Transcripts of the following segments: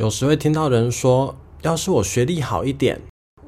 有時會聽到人說：“要是我學歷好一點，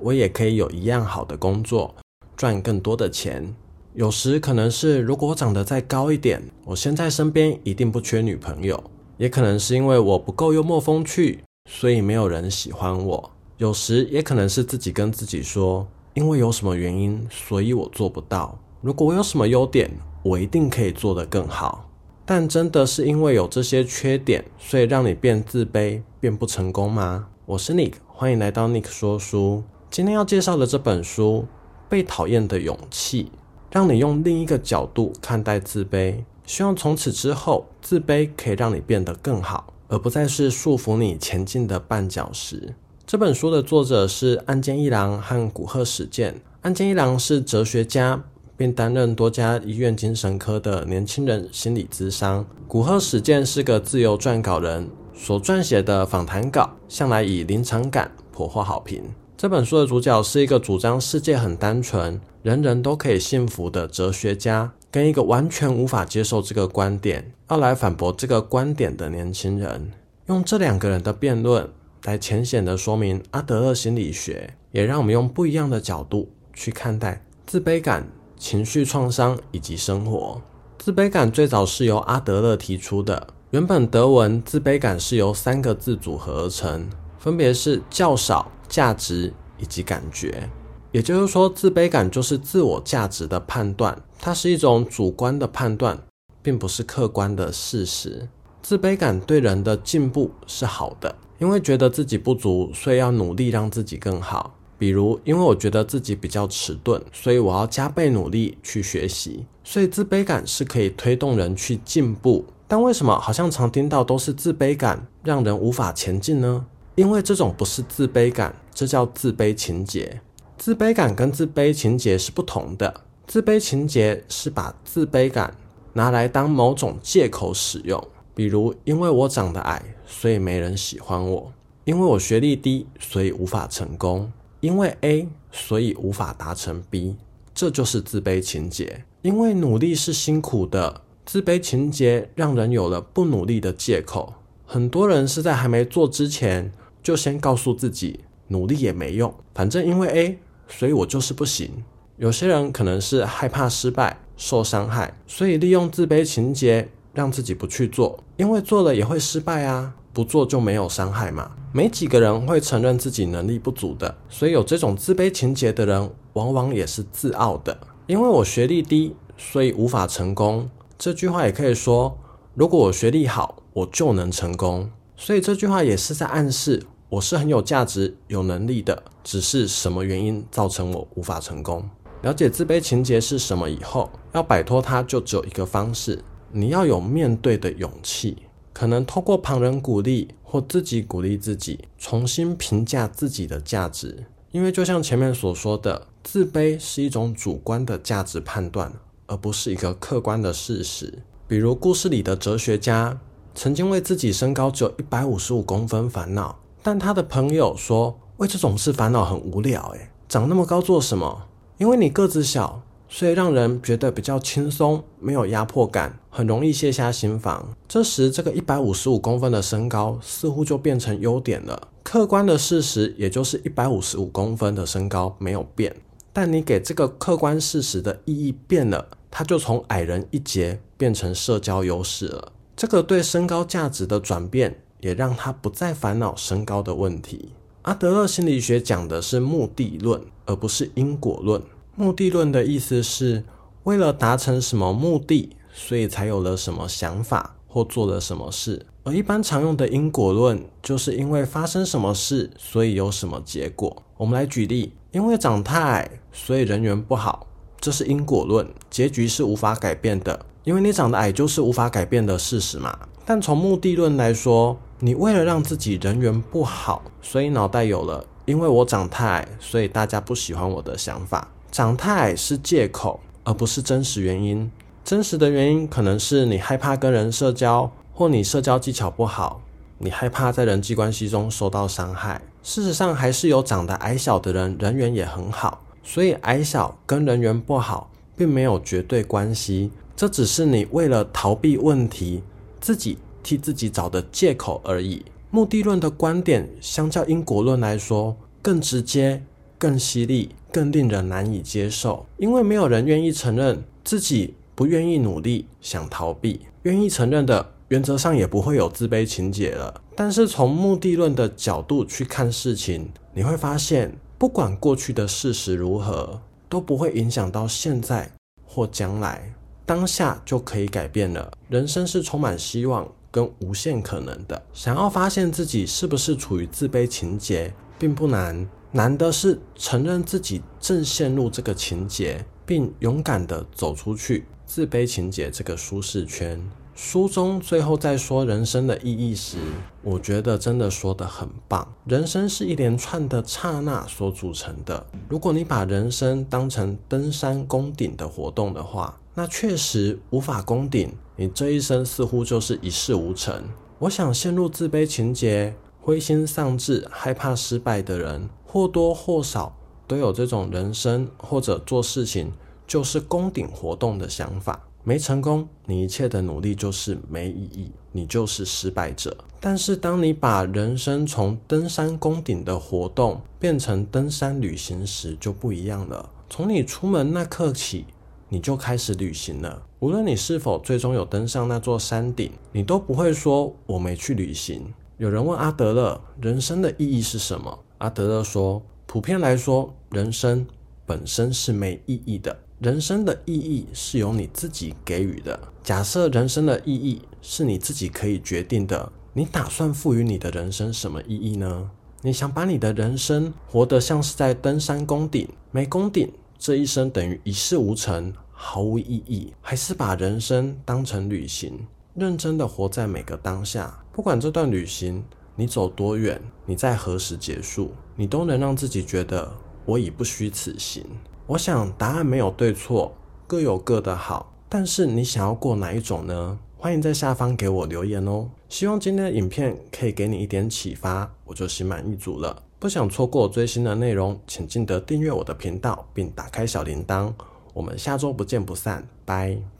我也可以有一樣好的工作，賺更多的錢。”有時可能是“如果我長得再高一點，我現在身邊一定不缺女朋友。”也可能是因為我不夠幽默風趣，所以沒有人喜歡我。有時也可能是自己跟自己說：“因為有什麼原因，所以我做不到。如果我有什麼優點，我一定可以做得更好。”但真的是因為有這些缺點，所以讓你變自卑、變不成功嗎？我是 Nick，歡迎來到 Nick 說書。今天要介紹的這本書《被討厭的勇氣》，讓你用另一個角度看待自卑，希望從此之後，自卑可以讓你變得更好，而不再是束縛你前進的絆腳石。這本書的作者是岸見一郎和古賀史健。岸見一郎是哲學家。並擔任多家醫院精神科的年輕人心理諮商。古賀史健是個自由撰稿人，所撰寫的訪談稿向來以臨場感頗獲好評。這本書的主角是一個主張世界很單純、人人都可以幸福的哲學家，跟一個完全無法接受這個觀點、要來反駁這個觀點的年輕人，用這兩個人的辯論來淺顯地說明阿德勒心理學，也讓我們用不一樣的角度去看待自卑感。情緒創傷以及生活。自卑感最早是由阿德勒提出的。原本德文自卑感是由三個字組合而成，分別是較少、價值以及感覺。也就是說，自卑感就是自我價值的判斷，它是一種主觀的判斷，並不是客觀的事實。自卑感對人的進步是好的，因為覺得自己不足，所以要努力讓自己更好。比如，因為我覺得自己比較遲鈍，所以我要加倍努力去學習。所以，自卑感是可以推動人去進步。但為什麼好像常聽到都是自卑感，讓人無法前進呢？因為這種不是自卑感，這叫自卑情結。自卑感跟自卑情結是不同的。自卑情結是把自卑感拿來當某種借口使用，比如，因為我長得矮，所以沒人喜歡我；因為我學歷低，所以無法成功。因為 A，所以無法達成 B，這就是自卑情結。因為努力是辛苦的，自卑情結讓人有了不努力的借口。很多人是在還沒做之前，就先告訴自己努力也沒用，反正因為 A，所以我就是不行。有些人可能是害怕失敗、受傷害，所以利用自卑情結讓自己不去做，因為做了也會失敗啊。不做就沒有傷害嘛？沒幾個人會承認自己能力不足的，所以有這種自卑情結的人，往往也是自傲的。因為我學歷低，所以無法成功。這句話也可以說：如果我學歷好，我就能成功。所以這句話也是在暗示，我是很有價值、有能力的，只是什麼原因造成我無法成功？了解自卑情結是什麼以後，要擺脫它，就只有一個方式：你要有面對的勇氣。可能透過旁人鼓勵或自己鼓勵自己，重新評價自己的價值。因為就像前面所說的，自卑是一種主觀的價值判斷，而不是一個客觀的事實。比如故事裡的哲學家，曾經為自己身高只有一百五十五公分煩惱，但他的朋友說，為這種事煩惱很無聊，欸，誒，長那麼高做什麼？因為你個子小。所以讓人覺得比較輕鬆，沒有壓迫感，很容易卸下心防。這時，這個一百五十五公分的身高似乎就變成優點了。客觀的事實，也就是一百五十五公分的身高沒有變，但你給這個客觀事實的意義變了，它就從矮人一截變成社交優勢了。這個對身高價值的轉變，也讓他不再煩惱身高的問題。阿德勒心理學講的是目的論，而不是因果論。目的論的意思是為了達成什麼目的，所以才有了什麼想法或做了什麼事。而一般常用的因果論就是因為發生什麼事，所以有什麼結果。我們來舉例：因為長太矮，所以人緣不好，這是因果論，結局是無法改變的，因為你長得矮就是無法改變的事實嘛。但從目的論來說，你為了讓自己人緣不好，所以腦袋有了“因為我長太矮，所以大家不喜歡我的”想法。長太矮是借口，而不是真實原因。真實的原因可能是你害怕跟人社交，或你社交技巧不好。你害怕在人際關係中受到傷害。事實上，還是有長得矮小的人人緣也很好。所以，矮小跟人緣不好並沒有絕對關係。這只是你為了逃避問題，自己替自己找的借口而已。目的論的觀點，相較因果論來說，更直接。更犀利，更令人難以接受，因為沒有人願意承認自己不願意努力，想逃避。願意承認的，原則上也不會有自卑情結了。但是從目的論的角度去看事情，你會發現，不管過去的事實如何，都不會影響到現在或將來。當下就可以改變了。人生是充滿希望跟無限可能的。想要發現自己是不是處於自卑情結，並不難。難的是承認自己正陷入這個情結，並勇敢地走出去，自卑情結這個舒適圈。書中最後在說人生的意義時，我覺得真的說得很棒。人生是一連串的剎那所組成的。如果你把人生當成登山攻頂的活動的話，那確實無法攻頂。你這一生似乎就是一事無成。我想陷入自卑情結、灰心喪志、害怕失敗的人，或多或少都有這種人生或者做事情就是攻頂活動的想法，沒成功，你一切的努力就是沒意義，你就是失敗者。但是，當你把人生從登山攻頂的活動變成登山旅行時，就不一樣了。從你出門那刻起，你就開始旅行了。無論你是否最終有登上那座山頂，你都不會說我沒去旅行。有人問阿德勒，人生的意義是什麼？阿德勒說：“普遍來說，人生本身是沒意義的。人生的意義是由你自己給予的。假設人生的意義是你自己可以決定的，你打算賦予你的人生什麼意義呢？你想把你的人生活得像是在登山攻頂，沒攻頂，這一生等於一事無成，毫無意義；還是把人生當成旅行，認真的活在每個當下，不管這段旅行？”你走多遠，你在何時結束，你都能讓自己覺得我已不虛此行。我想答案沒有對錯，各有各的好。但是你想要過哪一種呢？歡迎在下方給我留言哦。希望今天的影片可以給你一點啟發，我就心滿意足了。不想錯過最新的內容，請記得訂閱我的頻道並打開小鈴鐺。我們下周不見不散，拜。